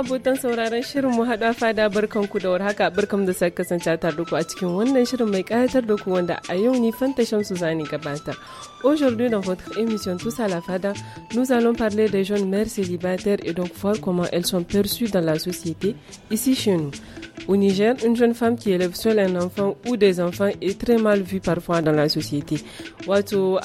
Aujourd'hui dans votre émission Tous à la Fada, nous allons parler des jeunes mères célibataires et donc voir comment elles sont perçues dans la société ici chez nous. Au Niger, une jeune femme qui élève seule un enfant ou des enfants est très mal vue parfois dans la société. Wato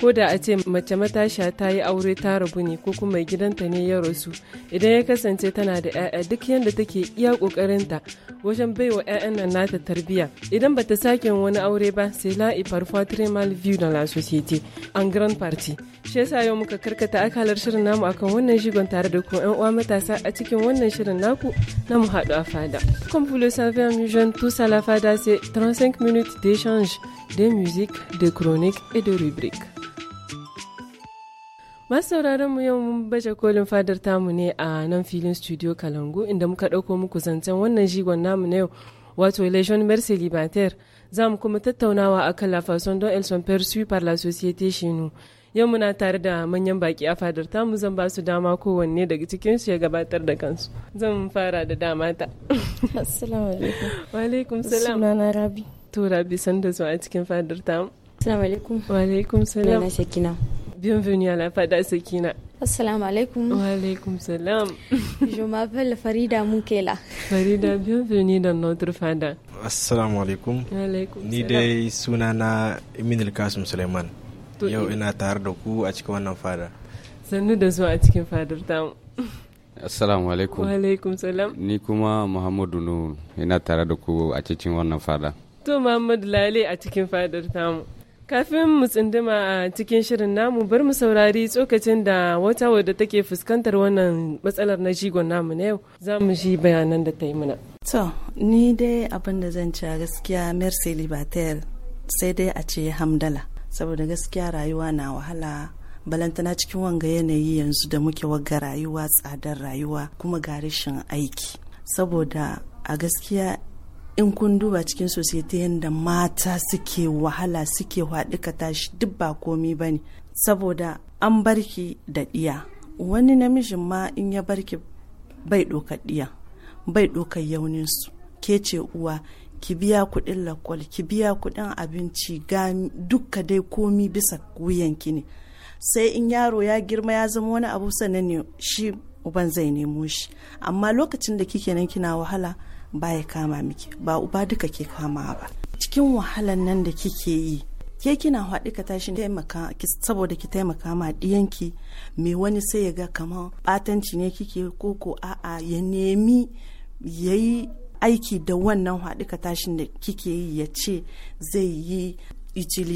ko da a ce mace matashiya ta yi aure ta rabu ne ko kuma gidanta ne ya rasu idan ya kasance tana da 'ya'ya duk yadda take iya kokarinta wajen baiwa 'ya'yan nan nata tarbiyya idan bata sake wani aure ba sai la parfois très mal vu dans la société en grande partie shi yasa yau muka karkata akalar shirin namu akan wannan shigon tare da ku 'yan uwa matasa a cikin wannan shirin naku na mu haɗu a fada comme vous le savez amis jeunes tous à la fada c'est 35 minutes d'échange de musique de chronique et de rubrique. sauraron mu yau mun baje kolin fadar tamu ne a nan filin studio kalangu inda muka ɗauko muku zancen wannan jigon namu na yau wato legion merci libertaire za mu kuma tattaunawa a kan la façon dont elles sont perçues par la société chez nous yau muna tare da manyan baki a fadar tamu zan ba su dama kowanne daga cikin su ya gabatar da kansu zan fara da dama ta assalamu alaikum wa alaikum salam sunana rabi to rabi san da zuwa cikin fadar tamu assalamu alaikum wa alaikum salam na shakina Bienvenue à la Fada Sekina. Assalamu alaikum. Wa alaikum salam. Je m'appelle Farida Moukela. Farida, bienvenue dans notre Fada. Assalamu alaikum. Wa alaikum Ni dai sunana Eminil Kasum Suleiman. Yo ina tare da ku a cikin wannan fada. Sannu da zuwa a cikin fadar tamu. Assalamu alaikum. Wa alaikum salam. Ni kuma Muhammadu Nuhu ina tare da ku a cikin wannan fada. To Muhammadu Lale a cikin fadar tamu. Kafin mu tsindima a cikin shirin namu bar mu saurari tsokacin da wata wadda take fuskantar wannan matsalar na jigon namu na yau za mu shi bayanan da ta yi mana. To, ni dai abin da zan ci gaskiya Mercy Libertaire sai dai a ce hamdala. Saboda gaskiya rayuwa na wahala balantana cikin wanga yanayi yanzu da muke wagga rayuwa tsadar rayuwa kuma ga rashin aiki. Saboda a gaskiya in kun duba cikin society yadda mata suke wahala suke ka tashi duk ba komi ba ne saboda an barki da ɗiya wani namijin ma in ya barki bai ɗokar ɗiya bai ɗokar yauninsu ke ce uwa ki biya kuɗin lakwal ki biya kuɗin abinci ga dukka dai komi bisa wuyanki ne sai in yaro ya girma ya zama wani abu sannan ne shi uban zai nemo shi amma lokacin da kike nan kina wahala ba ya kama miki ba uba duka ke kama ba cikin wahalan nan da kike yi ke kina haɗi ka tashi saboda ki taimaka ma ɗiyanki mai wani sai ya ga kamar ɓatanci ne kike ko ko a'a ya nemi ya yi aiki da wannan haɗi ka tashin da kike yi ya ce zai yi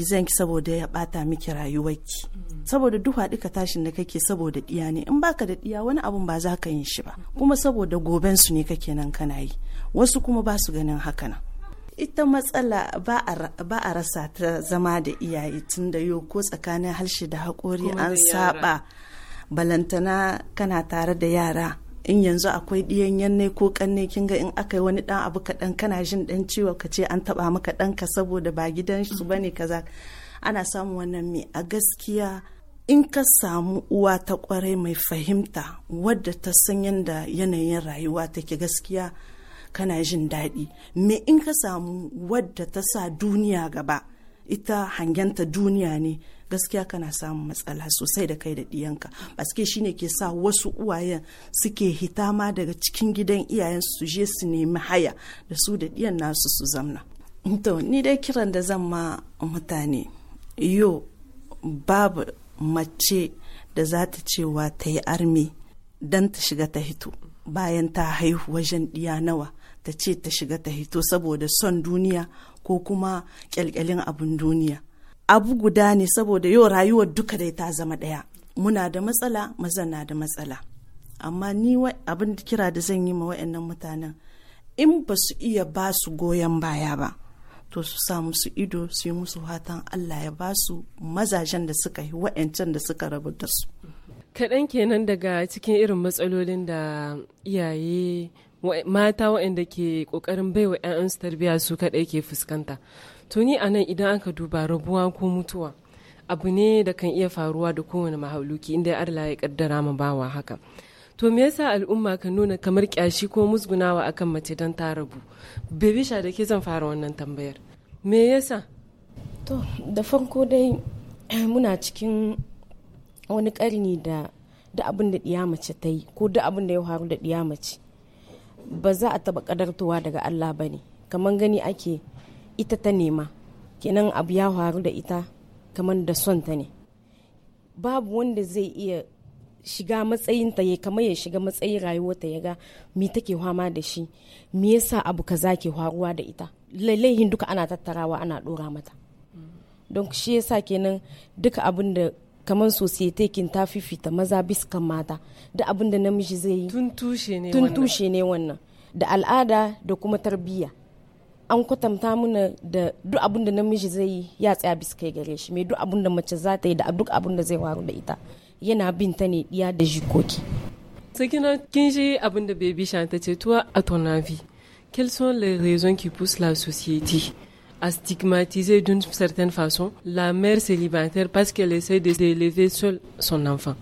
zan ki saboda ya bata miki rayuwarki saboda duha duka tashin da kake saboda diya ne in baka da diya wani abun ba za ka yin shi ba kuma saboda goben su ne kake nan kana yi wasu kuma ba su ganin haka nan ita matsala ba a rasa ta zama da iyaye tun da yau ko tsakanin harshe da haƙori an saba balantana kana tare da yara in yanzu akwai ɗiyan yanne ko kanne kin ga in aka yi wani dan abu kaɗan kana jin dan ciwo ka ce an taba maka ɗanka saboda ba gidan su bane kaza ana samu wannan me a gaskiya in ka samu uwa ta kwarai mai fahimta wadda ta san yadda yanayin rayuwa take gaskiya kana jin daɗi me in ka samu wadda ta sa duniya gaba ita hangenta duniya ne gaskiya kana samun matsala sosai da kai da ɗiyanka baske shine ke sa wasu uwayen suke hita ma daga cikin gidan iyayen su je su nemi haya da su da ɗiyan nasu su zamna to ni dai kiran da zan ma mutane yo babu mace da za ta cewa ta yi armi don ta shiga ta hito bayan ta haihu wajen diya nawa ta ce ta shiga ta hito saboda son duniya ko kuma kyalkyalin abin duniya abu guda ne saboda yau rayuwar duka dai ta zama ɗaya muna da matsala mazan na da matsala amma ni abin da kira da zan yi ma wa'annan mutanen in ba su iya ba su goyon baya ba to su sa musu ido su yi musu hatan allah ya ba su mazajen da suka yi wa'ancan da suka rabu da su kaɗan kenan daga cikin irin matsalolin da iyaye mata waɗanda ke ƙoƙarin baiwa 'ya'yansu tarbiyya su kaɗai ke fuskanta tuni a nan idan aka duba rabuwa ko mutuwa abu ne da kan iya faruwa da kowane mahaluki inda ya Allah ya kaddara ma bawa haka to me yasa al'umma ka nuna kamar kyashi ko musgunawa akan mace don ta rabu bebisha da ke zan fara wannan tambayar me yasa to da farko dai eh, muna cikin wani karni da da abin da ɗiya mace ta yi ko da abin da ya faru da ɗiya mace ba za a taɓa ƙadartowa daga Allah ba ne kamar gani ake ita ta nema kenan abu ya faru da ita kamar da son ta ne babu wanda zai iya shiga matsayinta ya kamar ya shiga matsayin rayuwarta ya ga me take fama da shi me yasa abu kaza ke faruwa da ita laihin duka ana tattarawa ana dora mata don shi yasa kenan duka abin da kamar society kin ta fifita maza biskan mata da abin da namiji zai yi tun tushe ne wannan da al'ada da kuma tarbiyya an kwatanta mana da duk abin da namiji zai yi ya tsaya bisa gare shi mai duk abin da mace za ta yi da duk abin da zai waru da ita yana bin ta ne iya da jikoki sakina kin ji abin da baby shan ta ce tuwa a ton avis quelles sont les raisons qui poussent la société à stigmatiser d'une certaine façon la mère célibataire parce qu'elle essaie d'élever seule son enfant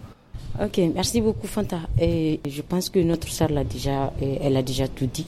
Ok, merci beaucoup Fanta. Et je pense que notre sœur l'a déjà, elle a déjà tout dit.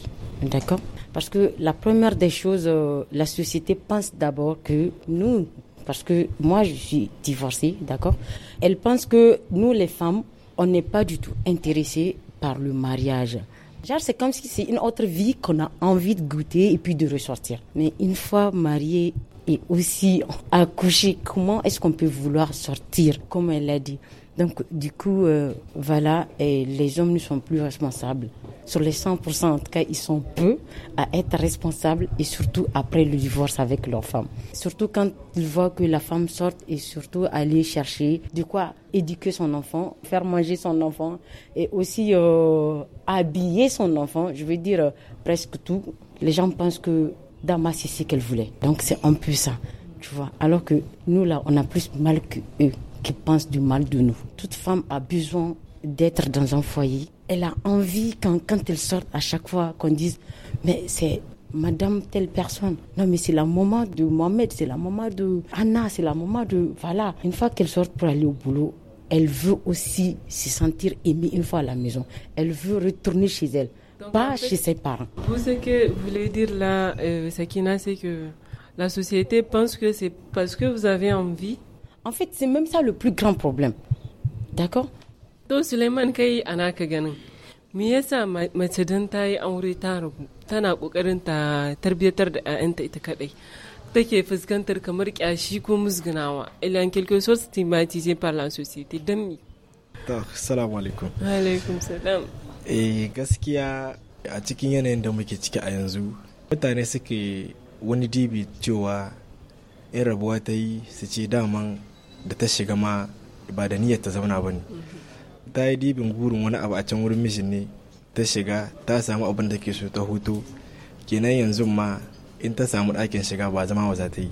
D'accord Parce que la première des choses, euh, la société pense d'abord que nous, parce que moi je suis divorcée, d'accord Elle pense que nous les femmes, on n'est pas du tout intéressés par le mariage. Genre, c'est comme si c'est une autre vie qu'on a envie de goûter et puis de ressortir. Mais une fois mariée et aussi accouchée, comment est-ce qu'on peut vouloir sortir, comme elle l'a dit donc, du coup, euh, voilà, et les hommes ne sont plus responsables. Sur les 100%, en tout cas, ils sont peu à être responsables et surtout après le divorce avec leur femme. Surtout quand ils voient que la femme sort et surtout aller chercher du quoi éduquer son enfant, faire manger son enfant et aussi euh, habiller son enfant. Je veux dire, euh, presque tout. Les gens pensent que Damas, c'est ce qu'elle voulait. Donc, c'est un peu ça, tu vois. Alors que nous, là, on a plus mal que eux qui pensent du mal de nous. Toute femme a besoin d'être dans un foyer. Elle a envie quand, quand elle sort à chaque fois qu'on dise mais c'est madame telle personne. Non, mais c'est la maman de Mohamed, c'est la maman de Anna, c'est la maman de. Voilà. Une fois qu'elle sort pour aller au boulot, elle veut aussi se sentir aimée une fois à la maison. Elle veut retourner chez elle, pas chez ses parents. Vous, ce que vous voulez dire là, euh, Sakina, c'est que la société pense que c'est parce que vous avez envie En fait, c'est même ça le plus grand problème. D'accord To Suleiman kai ana ka ganin. Me yasa mace don ta yi aure ta rabu tana kokarin ta tarbiyyatar da 'ya'yanta ita kadai. take fuskantar kamar kyashi ko musgunawa ilan quelque so stigmatisé par la société don mi to assalamu alaikum alaikum salam eh gaskiya a cikin yanayin da muke ciki a yanzu mutane suke wani dibi cewa ‘yan rabuwa ta yi su ce daman da ta shiga ma ba da niyyar ta zauna ba ne ta yi dibin gurin wani abu a can wurin mijin ne ta shiga ta samu abin da ke so ta hutu kenan yanzu ma in ta samu ɗakin shiga ba zama wa za ta yi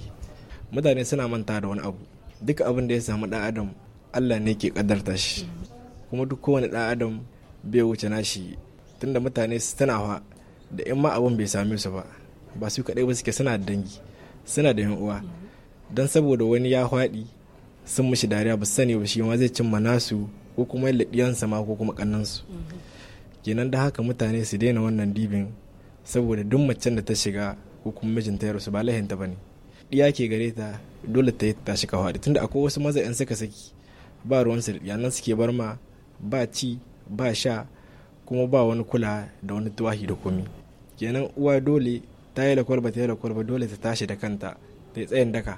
mutane suna manta da wani abu duk abin da ya samu ɗan adam allah ne ke ƙaddarta shi kuma duk kowane ɗan adam bai wuce nashi tunda mutane su hawa da in ma abin bai same su ba ba su kaɗai ba suke suna da dangi suna da yan uwa don saboda wani ya faɗi sun mishi dariya ba sani ba shi ma zai cimma nasu ko kuma ya ma ko kuma kannansu kenan da haka mutane su daina wannan dibin saboda duk macen da ta shiga ko kuma mijinta ya rasu ba lahinta ba ne ɗiya ke gareta ta dole ta yi ta tashi kawo tunda akwai wasu maza in suka saki ba ruwan su ya nan suke bar ma ba ci ba sha kuma ba wani kula da wani tuwahi da komi kenan uwa dole ta yi lakwal ba ta yi lakwal ba dole ta tashi da kanta ta yi tsayin daka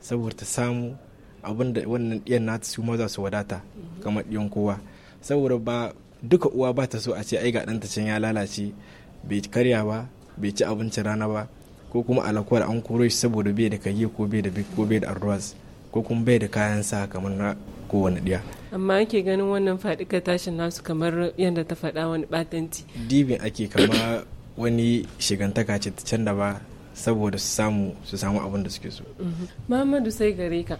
saboda ta samu abinda wannan ɗiyan nata su maza su wadata kamar ɗiyan kowa saboda ba duka uwa ba ta so a ce ai ga ɗanta can ya lalace bai karya ba bai ci abincin rana ba ko kuma alakwar an koro shi saboda bai da kage ko bai da ko bai da arduas ko kuma bai da kayan sa kamar na kowane ɗiya. amma ake ganin wannan faɗika tashin nasu kamar yadda ta faɗa wani batanci. dibin ake kama wani shigantaka ce ta can da ba saboda su samu su samu abin da suke so. Muhammadu sai gare ka.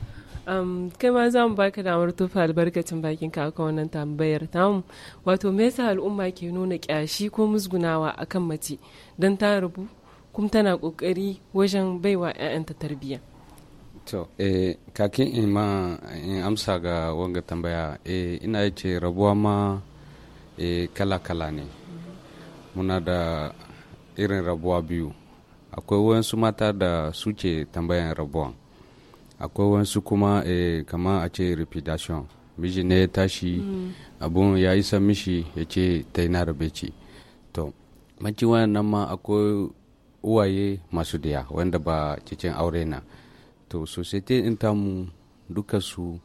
Um, kai ma za mu baka damar tufa albarkacin bakin ka akan wannan tambayar tamu wato me yasa al'umma ke nuna kyashi ko musgunawa akan mace don ta rubu kuma tana kokari wajen baiwa 'ya'yanta tarbiyya to eh kakin in in amsa ga wanga tambaya eh ina yace rabuwa ma eh kala kala ne muna da irin rabuwa biyu akwai wayansu mata da suke tambayan rabuwan akwai wasu kuma eh, kaman a ce reputation miji ne ya tashi mm. abun ya yi san mishi ya ce ta na rabe ci to manci wannan ma akwai uwaye masu daya wanda ba cikin aure na to society in tamu duka su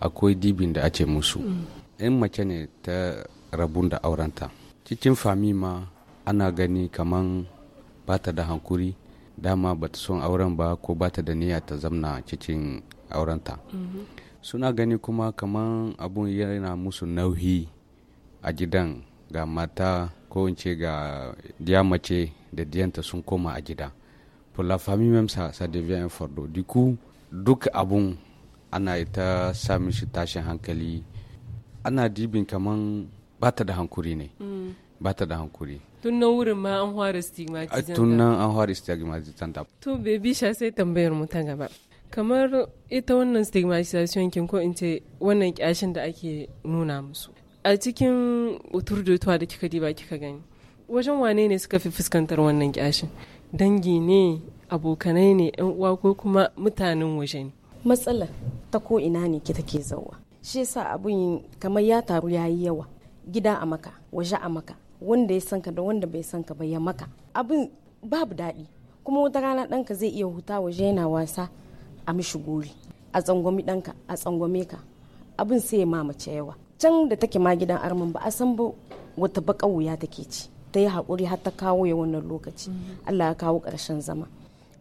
akwai dibin da ake musu mm. in mace ne ta rabun da aurenta cikin fami ma ana gani kaman bata da hankuri dama ba ta son auren ba ko ba ta da niyya ta zamna cikin aurenta mhm. suna gani kuma kamar abun yana musu nauhi a gidan ga mata ko in ce ga diya mace da diyanta sun koma a gida pour la famille même ça, ça devient un du coup duk abun ana ita samun shi tashin hankali ana dibin kaman bata da hankuri ne mm. bata da hankuri tun nan wurin ma an fara stigmatizanta tun nan an fara stigmatizanta to baby sha sai tambayar mu ta gaba kamar ita wannan stigmatization kin ko in ce wannan kyashin da ake nuna musu a cikin uturdutwa da kika diba kika gani wajen wane ne suka fi fuskantar wannan kyashin dangi ne abokanai ne yan uwa ko kuma mutanen waje ne matsala ta ko ina ne ki take zauwa shi yasa abun kamar ya taru yayi yawa gida a maka waje a maka wanda ya sanka da wanda bai sanka ba ya maka abin babu daɗi kuma wata rana ɗanka zai iya huta waje yana wasa a mishi gori a tsangwami ɗanka a tsangwame ka abin sai ya mamace yawa can da take ma gidan arman ba a san ba wata baƙa wuya take ci ta yi haƙuri har ta kawo ya wannan lokaci mm-hmm. allah ya kawo ƙarshen zama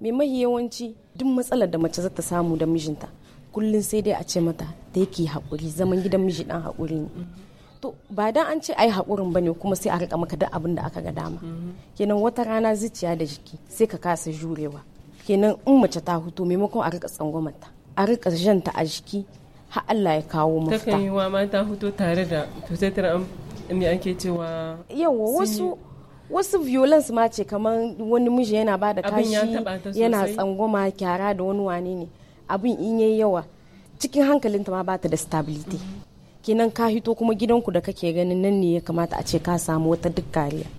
mai mahi yawanci duk matsalar da mace za ta samu da mijinta kullum sai dai a ce mata da yake haƙuri zaman gidan miji ɗan haƙuri ne mm-hmm. to ba dan an ce ai ba bane kuma sai a rika maka duk abin da aka ga dama kenan wata rana zuciya da jiki sai ka kasa jurewa kenan in mace ta hutu maimakon a rika tsangwamata a rika janta a jiki har Allah ya kawo mafita takan yi wa mata hutu tare da cutar me ake cewa yawa wasu wasu violence ma ce kamar wani miji yana ba da kashi yana tsangwama kyara da wani wane ne abin in yayi yawa cikin hankalinta ma bata da stability kenan ka hito kuma gidanku da kake ganin nan ne ya kamata a ce ka samu wata duk kariya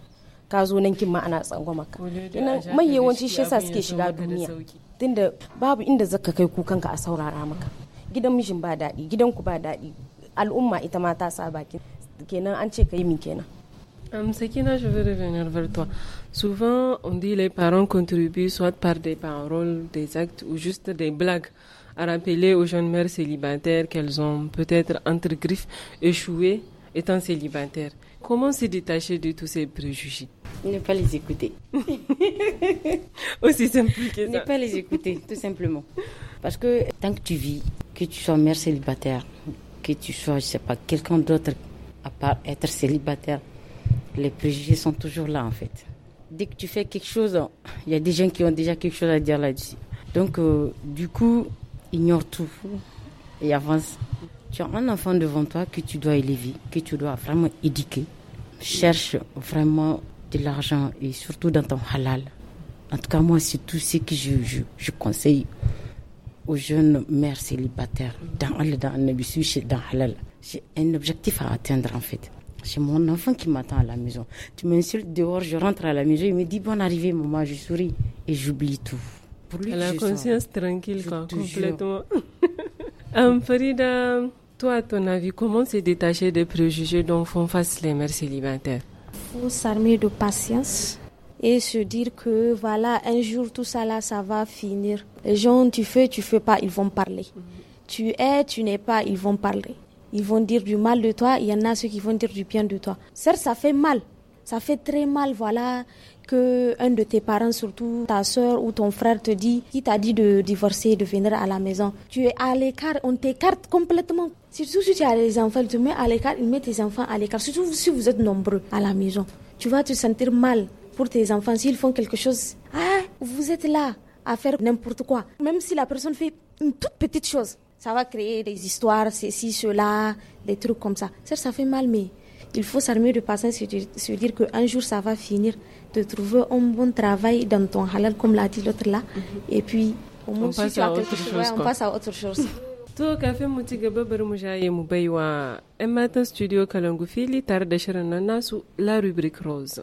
ka zo nan kin ma ana tsangwama ka kenan mai yawanci shi yasa suke shiga duniya tunda babu inda zaka kai kukanka a saurara maka gidan mijin ba daɗi gidanku ba daɗi al'umma ita ma ta sa bakin kenan an ce kai min kenan Um, Sakina, je veux revenir vers toi. Souvent, on dit les parents contribuent soit par des paroles, des actes ou juste des blagues. à rappeler aux jeunes mères célibataires qu'elles ont peut-être entre griffes échoué étant célibataire. Comment se détacher de tous ces préjugés Ne pas les écouter. Aussi simple que ça. Ne pas les écouter, tout simplement. Parce que tant que tu vis, que tu sois mère célibataire, que tu sois, je sais pas, quelqu'un d'autre, à part être célibataire, les préjugés sont toujours là en fait. Dès que tu fais quelque chose, il y a des gens qui ont déjà quelque chose à dire là-dessus. Donc, euh, du coup, ignore tout et avance. Tu as un enfant devant toi que tu dois élever, que tu dois vraiment éduquer. Cherche vraiment de l'argent et surtout dans ton halal. En tout cas, moi, c'est tout ce que je, je, je conseille aux jeunes mères célibataires dans, dans, dans halal. J'ai un objectif à atteindre en fait. C'est mon enfant qui m'attend à la maison. Tu m'insultes dehors, je rentre à la maison, il me dit bon arrivé maman, je souris et j'oublie tout. Pour la conscience tranquille, complètement. um, toi, à ton avis, comment se détacher des préjugés dont font face les mères célibataires Il faut s'armer de patience et se dire que voilà, un jour tout ça là, ça va finir. Les gens, tu fais, tu fais pas, ils vont parler. Tu es, tu n'es pas, ils vont parler. Ils vont dire du mal de toi, il y en a ceux qui vont dire du bien de toi. Certes, ça fait mal, ça fait très mal, voilà que un de tes parents, surtout ta soeur ou ton frère, te dit, qui t'a dit de divorcer, de venir à la maison, tu es à l'écart, on t'écarte complètement. Surtout si tu as les enfants, tu mets à l'écart, il met tes enfants à l'écart. Surtout si vous êtes nombreux à la maison, tu vas te sentir mal pour tes enfants s'ils font quelque chose. Ah, vous êtes là à faire n'importe quoi. Même si la personne fait une toute petite chose, ça va créer des histoires, ceci, cela, des trucs comme ça. Ça, fait mal, mais il faut s'armer de patience et se dire qu'un jour ça va finir de trouver un bon travail dans ton halal, comme l'a dit l'autre là. Mhm. Et puis, on passe à autre chose. To kafin mu ci gaba mu shaye mu baiwa studio Kalangu fili tare da shirin nan La Rubrique Rose.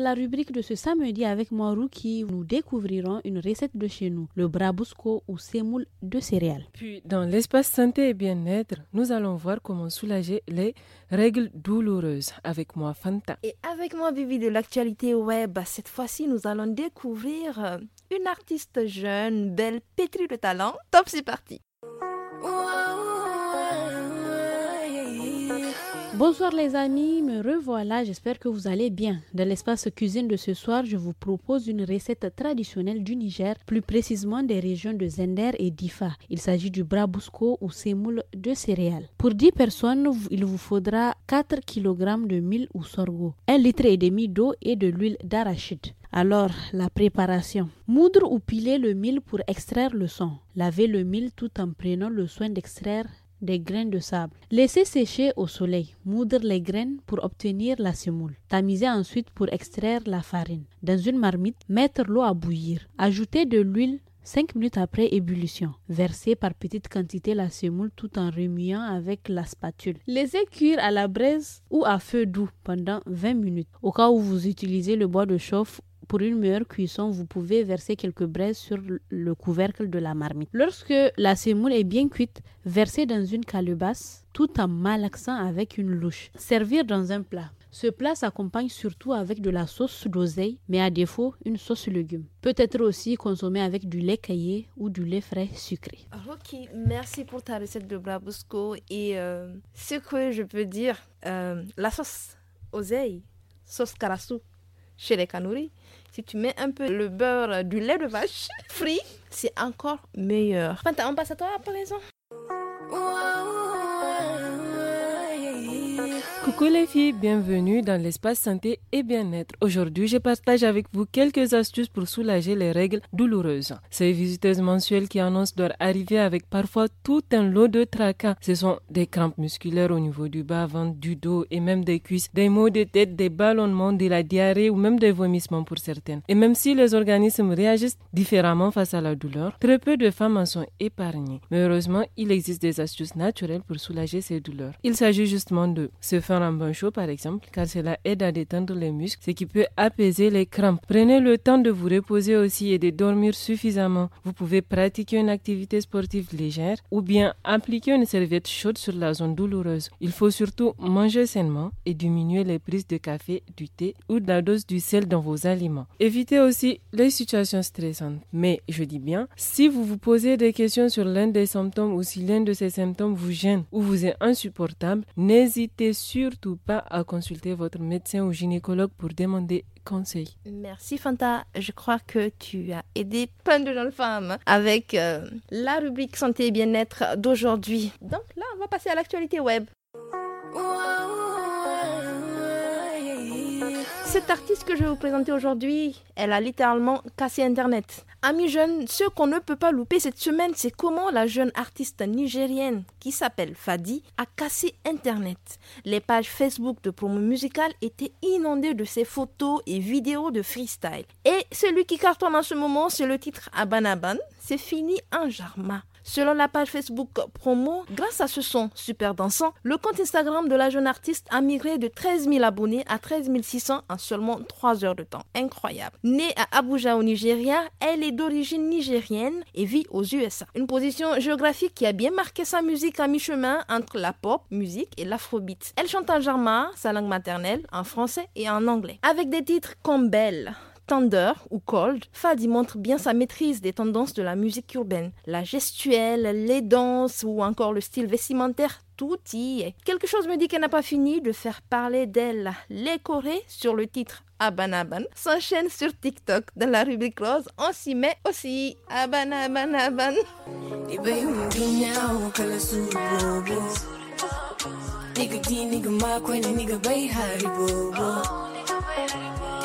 la rubrique de ce samedi avec moi, Ruki, nous découvrirons une recette de chez nous, le brabusco ou semoule de céréales. Puis, dans l'espace santé et bien-être, nous allons voir comment soulager les règles douloureuses avec moi, Fanta. Et avec moi, Vivi de l'actualité web, cette fois-ci, nous allons découvrir euh, une artiste jeune, belle, pétrie de talent. Top, c'est parti! Bonsoir les amis, me revoilà, j'espère que vous allez bien. Dans l'espace cuisine de ce soir, je vous propose une recette traditionnelle du Niger, plus précisément des régions de Zender et d'Ifa. Il s'agit du brabusco ou semoule de céréales. Pour 10 personnes, il vous faudra 4 kg de mil ou sorgho, 1 litre et demi d'eau et de l'huile d'arachide. Alors, la préparation. Moudre ou piler le mil pour extraire le sang. Laver le mil tout en prenant le soin d'extraire des graines de sable. Laissez sécher au soleil, moudre les graines pour obtenir la semoule. Tamiser ensuite pour extraire la farine. Dans une marmite, mettre l'eau à bouillir. Ajouter de l'huile Cinq minutes après ébullition. verser par petites quantités la semoule tout en remuant avec la spatule. Laissez cuire à la braise ou à feu doux pendant 20 minutes. Au cas où vous utilisez le bois de chauffe pour une meilleure cuisson, vous pouvez verser quelques braises sur le couvercle de la marmite. Lorsque la semoule est bien cuite, versez dans une calebasse tout en malaxant avec une louche. Servir dans un plat. Ce plat s'accompagne surtout avec de la sauce d'oseille, mais à défaut, une sauce légumes. Peut être aussi consommé avec du lait caillé ou du lait frais sucré. Ok, merci pour ta recette de Brabusco. Et euh, ce que je peux dire, euh, la sauce oseille, sauce carassou chez les Kanouris, si tu mets un peu le beurre du lait de vache frit, c'est encore meilleur. Fanta, on passe à toi les présent. Coucou les filles, bienvenue dans l'espace santé et bien-être. Aujourd'hui, je partage avec vous quelques astuces pour soulager les règles douloureuses. Ces visiteuses mensuelles qui annoncent leur arrivée avec parfois tout un lot de tracas. Ce sont des crampes musculaires au niveau du bas-ventre, du dos et même des cuisses, des maux de tête, des ballonnements, de la diarrhée ou même des vomissements pour certaines. Et même si les organismes réagissent différemment face à la douleur, très peu de femmes en sont épargnées. Mais heureusement, il existe des astuces naturelles pour soulager ces douleurs. Il s'agit justement de se faire un un bain chaud par exemple, car cela aide à détendre les muscles, ce qui peut apaiser les crampes. Prenez le temps de vous reposer aussi et de dormir suffisamment. Vous pouvez pratiquer une activité sportive légère ou bien appliquer une serviette chaude sur la zone douloureuse. Il faut surtout manger sainement et diminuer les prises de café, du thé ou de la dose du sel dans vos aliments. Évitez aussi les situations stressantes. Mais je dis bien, si vous vous posez des questions sur l'un des symptômes ou si l'un de ces symptômes vous gêne ou vous est insupportable, n'hésitez surtout ou pas à consulter votre médecin ou gynécologue pour demander conseil. Merci Fanta, je crois que tu as aidé plein de jeunes femmes avec euh, la rubrique santé et bien-être d'aujourd'hui. Donc là, on va passer à l'actualité web. Cette artiste que je vais vous présenter aujourd'hui, elle a littéralement cassé Internet. Amis jeunes, ce qu'on ne peut pas louper cette semaine, c'est comment la jeune artiste nigérienne qui s'appelle Fadi a cassé Internet. Les pages Facebook de promo musicale étaient inondées de ses photos et vidéos de freestyle. Et celui qui cartonne en ce moment, c'est le titre Abanaban, c'est fini en jarma. Selon la page Facebook promo, grâce à ce son super dansant, le compte Instagram de la jeune artiste a migré de 13 000 abonnés à 13 600 en seulement 3 heures de temps. Incroyable. Née à Abuja au Nigeria, elle est d'origine nigérienne et vit aux USA. Une position géographique qui a bien marqué sa musique à mi-chemin entre la pop musique et l'afrobeat. Elle chante en jarma, sa langue maternelle, en français et en anglais, avec des titres comme Belle. Tender ou Cold, Fadi montre bien sa maîtrise des tendances de la musique urbaine. La gestuelle, les danses ou encore le style vestimentaire, tout y est. Quelque chose me dit qu'elle n'a pas fini de faire parler d'elle. Les Corées, sur le titre Abanaban s'enchaînent sur TikTok. Dans la rubrique rose, on s'y met aussi. Abanabanaban.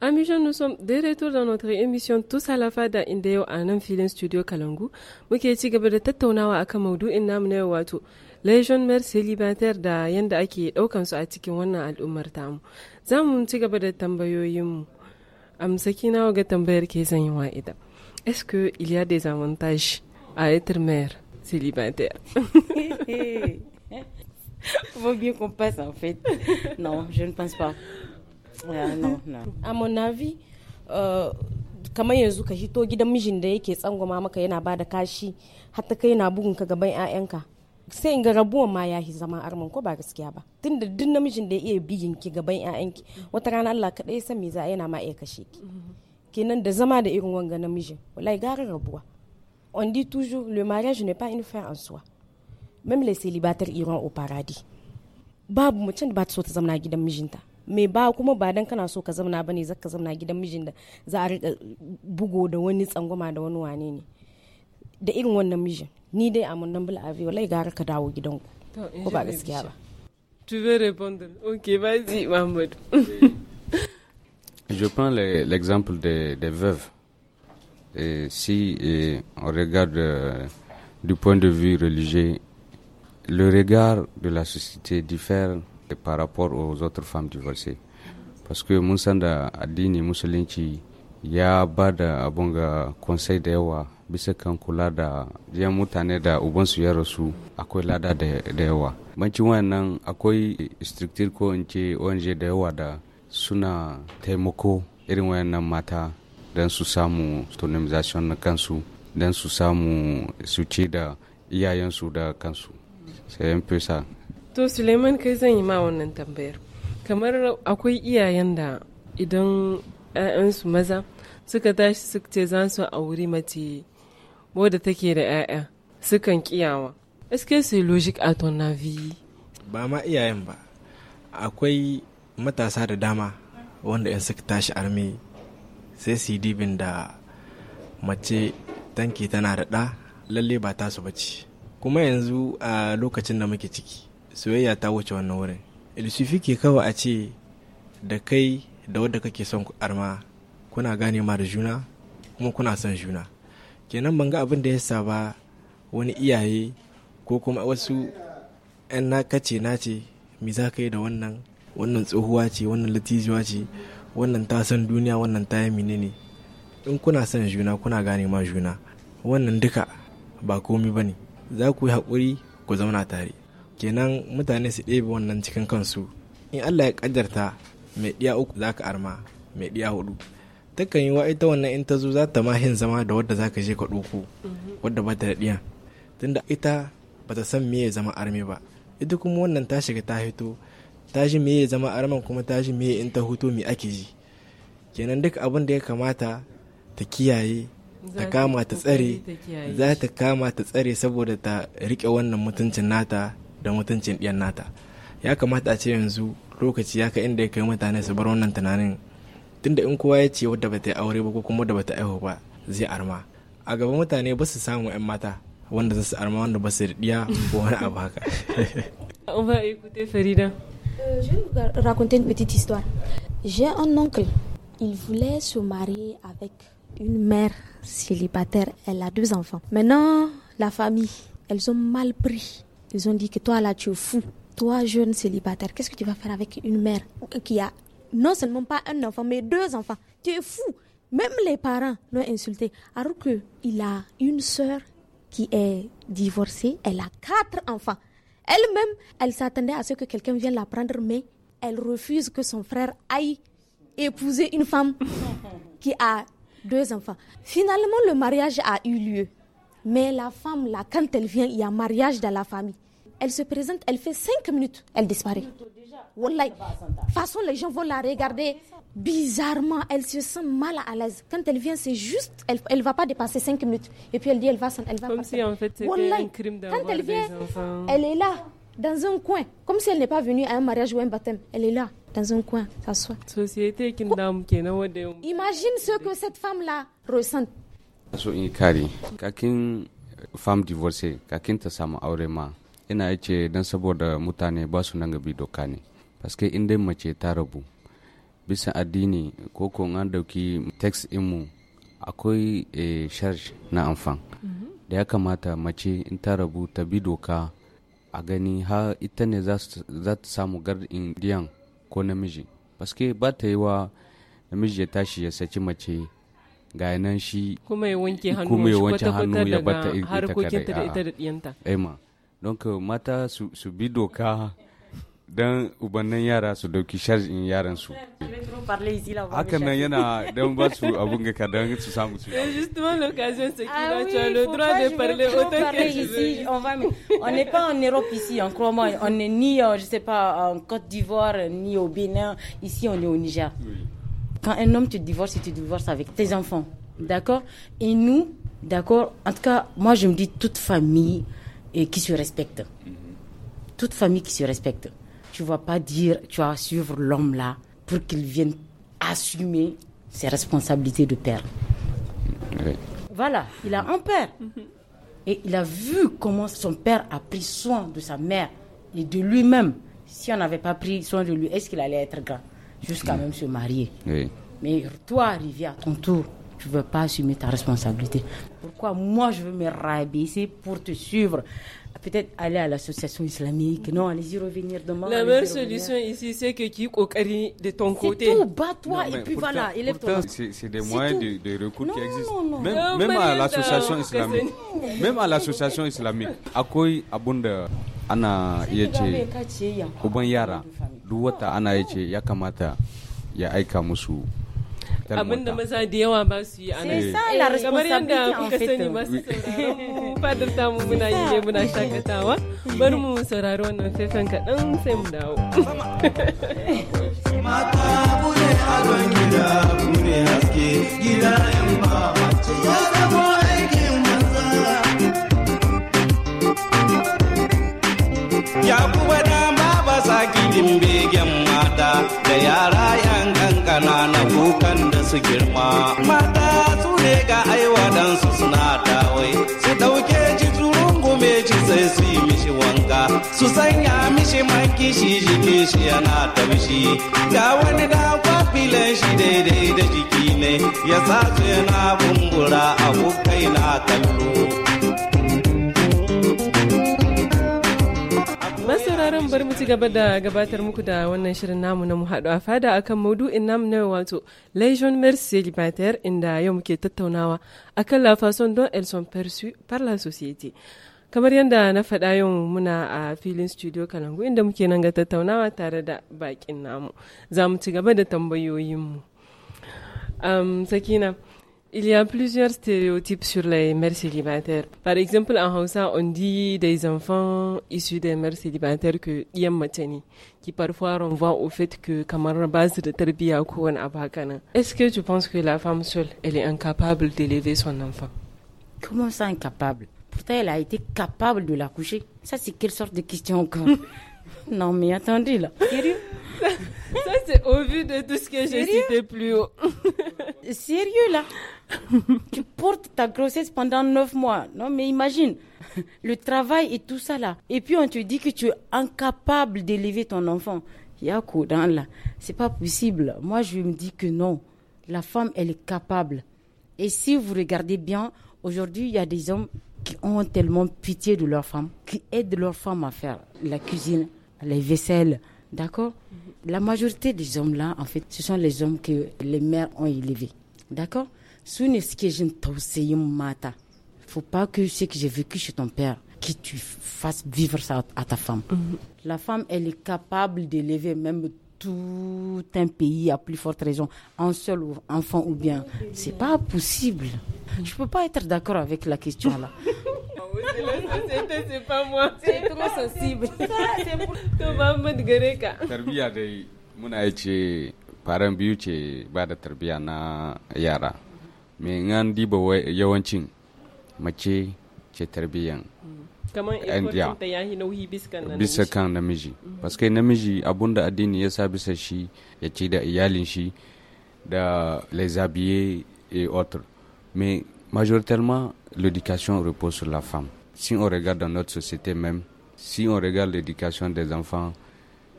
Amis nous sommes de retour dans notre émission Tous à la Fada Indeo à Namfilin Studio Kalangu. Muke ci gaba da tattaunawa akan maudu'in namu na wato les jeunes mères célibataires da yanda ake daukan su a cikin wannan Tam. tamu. Za mu ci gaba da tambayoyinmu. Amsaki nawa ga tambayar ke Est-ce que il y a des avantages à être mère célibataire? Vaut mieux qu'on passe en fait. Non, je ne pense pas. Euh, non, non. À mon avis, euh, kamar yanzu ka hito gidan mijin da yake tsangwama maka yana bada kashi hatta kai na bugun ka gaban 'ya'yanka sai in ga rabuwan ma ya yi zama arman ko ba gaskiya ba tunda duk namijin da ya iya bigin ki gaban ƴaƴanki wata rana Allah kaɗai san me za a yana ma iya kashe ki kenan da zama da irin wanga namijin wallahi gara rabuwa on dit toujours le mariage n'est pas une fin en soi même les célibataires iront au paradis babu mu da ba ta so ta zamana gidan mijinta me ba kuma ba dan kana so ka zamana bane zaka zamna gidan mijin da za a rika bugo da wani tsangwama da wani wane ne da irin wannan mijin ni dai a mun bula abi wallahi gara ka dawo gidanku ko ba gaskiya ba tu veux répondre OK vas-y Mahmoud Je prends l'exemple des, des, veuves. Et si et on regarde euh, du point de vue religieux, le regard de la société diffère par rapport aux autres femmes divorcées. Parce que mun san da addini musulunci ya ba da abun ga conseil da yawa bisa kan kula da yan mutane da ubansu ya rasu akwai lada da yawa. Bancin wannan akwai structure ko in ce ONG da yawa da suna taimako irin wayannan mata don su samu autonomization na kansu don su samu su ce da iyayensu da kansu. sai un peu to suleiman kai zan yi ma wannan tambayar kamar akwai iyayen da idan 'ya'yansu maza suka tashi suka ce za su auri mace wadda take da 'ya'ya sukan kiyawa eske yi logique at ton ba ma iyayen ba akwai matasa da dama wanda yan suka tashi armi sai su yi dibin da mace tanki tana da ɗa lalle ba tasu bace kuma yanzu a lokacin da muke ciki soyayya ta wuce wannan wurin ilsufi ke kawai a ce da kai da wadda kake son arma kuna gane ma da juna kuma kuna son juna kenan ban ga abin da ya ba wani iyaye ko kuma wasu 'yan nakace nace mi za ka yi da wannan wannan tsohuwa ce wannan latijuwa ce wannan ta san duniya wannan ta yi ne in kuna son juna kuna gane ma juna wannan duka ba komi ba ne za ku yi haƙuri ku zauna tare kenan mutane su ɗebe wannan cikin kansu in allah ya ƙaddarta mai ɗiya uku za ka arma mai ɗiya hudu takan yi wa ita wannan in ta zo za ta mahin zama da wadda za ka je ka ɗoko wadda ba ta da ɗiyan tunda ita ba ta san meye zama arme ba ita kuma wannan ta shiga ta hito ta ji meye zama arman kuma ta ji meye in ta huto mai ake ji kenan duk abin da ya kamata ta kiyaye ta kama ta tsare za ta kama ta tsare saboda ta rike wannan mutuncin nata da mutuncin ɗiyan nata ya kamata a ce yanzu lokaci ya ka inda ya kai mutane su bar wannan tunanin tunda in kowa ya ce wadda ba ta yi aure ba ko kuma wadda ba ta aihu ba zai arma a gaba mutane ba su samu 'yan mata wanda za su arma wanda ba su riɗiya ko wani abu haka euh, Je vous raconter une petite histoire. J'ai un oncle. Il voulait se marier avec une mère célibataire, elle a deux enfants. Maintenant, la famille, elles ont mal pris. Ils ont dit que toi là, tu es fou. Toi, jeune célibataire, qu'est-ce que tu vas faire avec une mère qui a non seulement pas un enfant, mais deux enfants Tu es fou. Même les parents l'ont insulté. Alors il a une sœur qui est divorcée, elle a quatre enfants. Elle-même, elle s'attendait à ce que quelqu'un vienne la prendre, mais elle refuse que son frère aille épouser une femme qui a deux enfants. Finalement, le mariage a eu lieu. Mais la femme, là, quand elle vient, il y a mariage dans la famille. Elle se présente, elle fait cinq minutes, elle disparaît. de toute façon, les gens vont la regarder bizarrement. Elle se sent mal à l'aise. Quand elle vient, c'est juste, elle ne va pas dépasser cinq minutes. Et puis elle dit, elle va s'en. Comme si en fait c'était un crime Quand elle vient, elle est là, dans un coin. Comme si elle n'est pas venue à un mariage ou un baptême. Elle est là. dans un coin, s'assoit. Société qui Imagine ce que cette femme-là ressent. femme divorcée kakin ta samu aure ma ina ce don saboda mutane ba su nan gabi doka ne parce que dai mace ta rabu bisa addini ko ko an dauki text mu akwai e, charge na amfan mhm. da ya kamata mace in ta rabu ta bi doka a gani ha ita ne za ta samu gardin diyan ko namiji paske ba ta yi wa namiji ya tashi ya saki mace ga nan shi kuma ya wanke hannu ya wanke hannu ya bata ita kada harkokinta da ita da ma, don mata su bi doka le droit de parler autant on va on n'est pas en Europe ici en crois-moi on n'est ni euh, je sais pas en Côte d'Ivoire ni au Bénin ici on est au Niger quand un homme te divorce tu divorces avec tes enfants d'accord et nous d'accord en tout cas moi je me dis toute famille euh, qui se respecte mhm. toute famille qui se respecte tu vas pas dire, tu vas suivre l'homme là pour qu'il vienne assumer ses responsabilités de père. Voilà, il a un père. Et il a vu comment son père a pris soin de sa mère et de lui-même. Si on n'avait pas pris soin de lui, est-ce qu'il allait être grand Jusqu'à mm. même se marier. Mais toi, Rivière, ton tour, tu ne veux pas assumer ta responsabilité. Pourquoi moi je veux me rabaisser pour te suivre peut-être aller à l'association islamique. Non, allez-y revenir demain. La meilleure solution ici, c'est que tu cari de ton côté. C'est tout, bats-toi et puis pourtant, voilà, élève-toi. C'est des moyens de, recours qui existent. Non, non, même, même à l'association islamique. Même à l'association islamique. Akoy abunda ana Yeche. uban yara duk ana ya abin da maza da yawa ba su yi a nan kamar yadda kuka sani ba su sauraron mu fadar mu muna yi ne muna shakatawa bari mu saurari wannan faifan kaɗan sai mu dawo mata bude agon gida bude haske gida yan ba mace ya zama aikin maza ya kuma dama ba sa gidin begen da yara yan kankana na kukan da su girma mata su ne ga aiwadansu suna wai su dauke ji rungume ci sai su yi mishi wanka su sanya mishi maki shi jike shi yana taushi ga wani da kwafilan shi daidai da jiki ne ya sa su yana a kukai na kallo sauraron bar mu ci gaba da gabatar muku da wannan shirin namu na mu haɗu a fada akan maudu'in namu na wato Legion Merci Libertaire inda yau muke tattaunawa akan la façon dont elles sont perçues par la société. Kamar yadda na faɗa yau muna a filin studio Kalangu inda muke nan ga tattaunawa tare da bakin namu. Za mu ci gaba da tambayoyinmu. Um, sakina, Il y a plusieurs stéréotypes sur les mères célibataires. Par exemple, en Hausa, on dit des enfants issus des mères célibataires que yammatani, qui parfois renvoient au fait que base de tarbiya en abakana. Est-ce que tu penses que la femme seule, elle est incapable d'élever son enfant? Comment ça incapable? Pourtant, elle a été capable de l'accoucher. Ça, c'est quelle sorte de question encore? non, mais attendez là. Sérieux? ça c'est au vu de tout ce que j'ai cité plus haut. Sérieux là? tu portes ta grossesse pendant 9 mois. Non, mais imagine le travail et tout ça là. Et puis on te dit que tu es incapable d'élever ton enfant. Yako, dans là C'est pas possible. Moi, je me dis que non. La femme, elle est capable. Et si vous regardez bien, aujourd'hui, il y a des hommes qui ont tellement pitié de leur femme, qui aident leur femme à faire la cuisine, les vaisselles, d'accord mhm. La majorité des hommes là, en fait, ce sont les hommes que les mères ont élevés, d'accord il ne suke jin mata faut pas que ce que j'ai vécu chez ton père que tu fasses vivre ça à ta femme. Mhm. La femme, elle est capable d'élever même tout un pays à plus forte raison, un seul enfant ou bien. C'est pas possible. Je peux pas être d'accord avec la question là. Ah c'est pas moi. C'est trop sensible. tarbiya dai muna ce faran biyu ce ba da tarbiya na yara mai an diba yawancin mace ce tarbiyyan kamar ta yahi nauyi bisa kan namiji mm. paske namiji abunda addini ya sa bisa shi ya ce da iyalin shi da les habillés et autres mais majoritairement l'éducation repose sur la femme si on regarde dans notre société même si on regarde l'éducation des enfants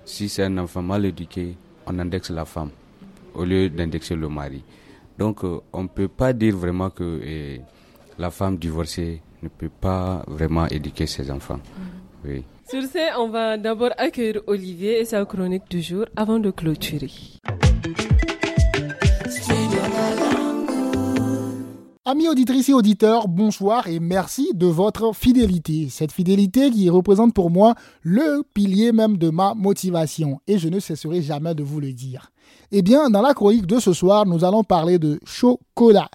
si c'est un enfant mal éduqué on indexe la femme au lieu d'indexer le mari donc euh, on ne peut pas dire vraiment que eh, la femme divorcée ne peut pas vraiment éduquer ses enfants. Mm. Sur ce, on va d'abord accueillir Olivier et sa chronique du jour avant de clôturer. Amis auditrices et auditeurs, bonsoir et merci de votre fidélité. Cette fidélité qui représente pour moi le pilier même de ma motivation et je ne cesserai jamais de vous le dire. Eh bien, dans la chronique de ce soir, nous allons parler de chocolat.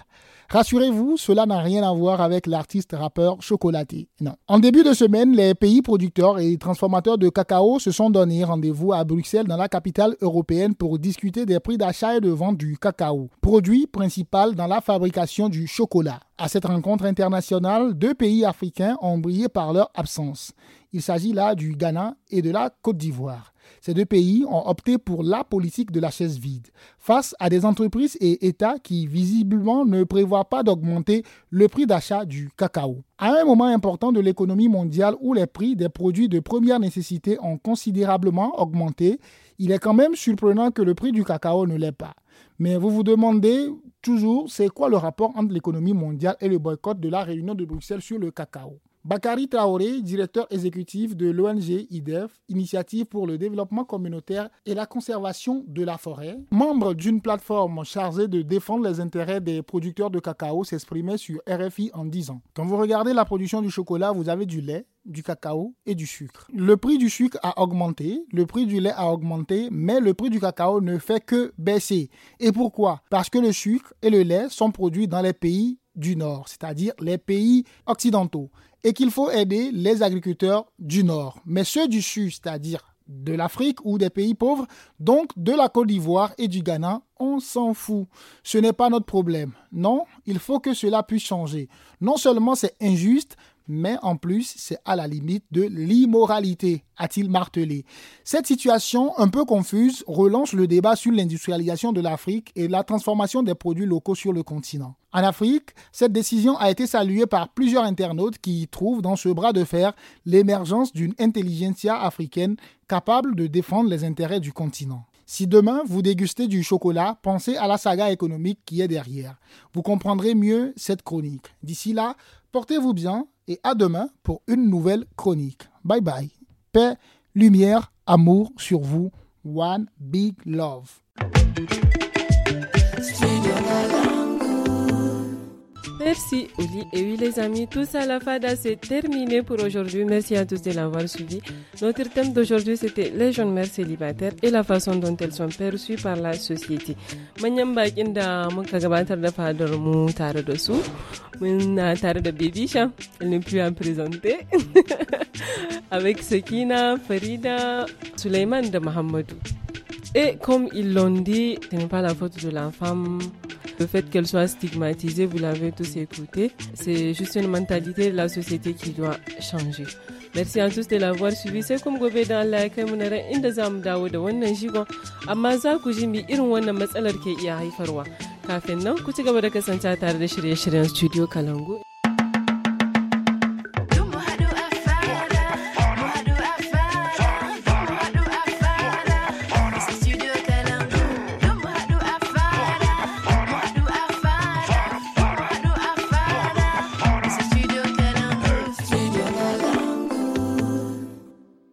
Rassurez-vous, cela n'a rien à voir avec l'artiste rappeur chocolaté. Non. En début de semaine, les pays producteurs et transformateurs de cacao se sont donnés rendez-vous à Bruxelles dans la capitale européenne pour discuter des prix d'achat et de vente du cacao, produit principal dans la fabrication du chocolat. À cette rencontre internationale, deux pays africains ont brillé par leur absence. Il s'agit là du Ghana et de la Côte d'Ivoire. Ces deux pays ont opté pour la politique de la chaise vide face à des entreprises et États qui visiblement ne prévoient pas d'augmenter le prix d'achat du cacao. À un moment important de l'économie mondiale où les prix des produits de première nécessité ont considérablement augmenté, il est quand même surprenant que le prix du cacao ne l'est pas. Mais vous vous demandez toujours c'est quoi le rapport entre l'économie mondiale et le boycott de la réunion de Bruxelles sur le cacao. Bakari Traoré, directeur exécutif de l'ONG IDEF, Initiative pour le développement communautaire et la conservation de la forêt, membre d'une plateforme chargée de défendre les intérêts des producteurs de cacao, s'exprimait sur RFI en disant Quand vous regardez la production du chocolat, vous avez du lait, du cacao et du sucre. Le prix du sucre a augmenté, le prix du lait a augmenté, mais le prix du cacao ne fait que baisser. Et pourquoi Parce que le sucre et le lait sont produits dans les pays du Nord, c'est-à-dire les pays occidentaux, et qu'il faut aider les agriculteurs du Nord. Mais ceux du Sud, c'est-à-dire de l'Afrique ou des pays pauvres, donc de la Côte d'Ivoire et du Ghana, on s'en fout. Ce n'est pas notre problème. Non, il faut que cela puisse changer. Non seulement c'est injuste, mais en plus, c'est à la limite de l'immoralité, a-t-il martelé. Cette situation un peu confuse relance le débat sur l'industrialisation de l'Afrique et la transformation des produits locaux sur le continent. En Afrique, cette décision a été saluée par plusieurs internautes qui y trouvent dans ce bras de fer l'émergence d'une intelligentsia africaine capable de défendre les intérêts du continent. Si demain vous dégustez du chocolat, pensez à la saga économique qui est derrière. Vous comprendrez mieux cette chronique. D'ici là, portez-vous bien, et à demain pour une nouvelle chronique. Bye bye. Paix, lumière, amour sur vous. One big love. Merci Oli. Et oui les amis, tout ça la fada c'est terminé pour aujourd'hui. Merci à tous de l'avoir suivi. Notre thème d'aujourd'hui c'était les jeunes mères célibataires et la façon dont elles sont perçues par la société. Manya mbakin da muka da fadar mu tare da su. da Baby elle n'est plus à présenter. Avec Sekina, Farida, Suleiman de Mahamadou. Et comme ils l'ont dit, ce n'est pas la faute de la femme le fait qu'elle soit stigmatisée, vous l'avez tous écouté, c'est juste une mentalité de la société qui doit changer. Merci à tous de l'avoir suivi. C'est comme gobe dans la caméra une des inda za mu dawo da wannan shigon. Amma za ku ji mi irin wannan matsalar ke iya haifarwa. Kafin nan ku ci gaba da kasance tare da shirye-shiryen Studio Kalangu.